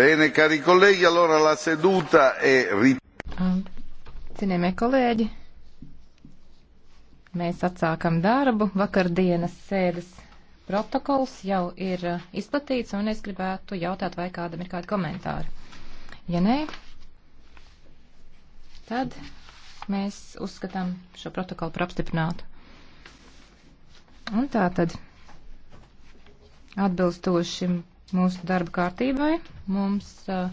Bene, cari colleghi, allora la seduta è ripresa. Um, cienījamie kolēģi, mēs atsākam darbu. Vakardienas sēdes protokols jau ir uh, izplatīts, un es gribētu jautāt, vai kādam ir kādi komentāri. Ja nē, tad mēs uzskatām šo protokolu par apstiprinātu. Un tā tad atbilstošim mūsu darba kārtībai. Mums, uh,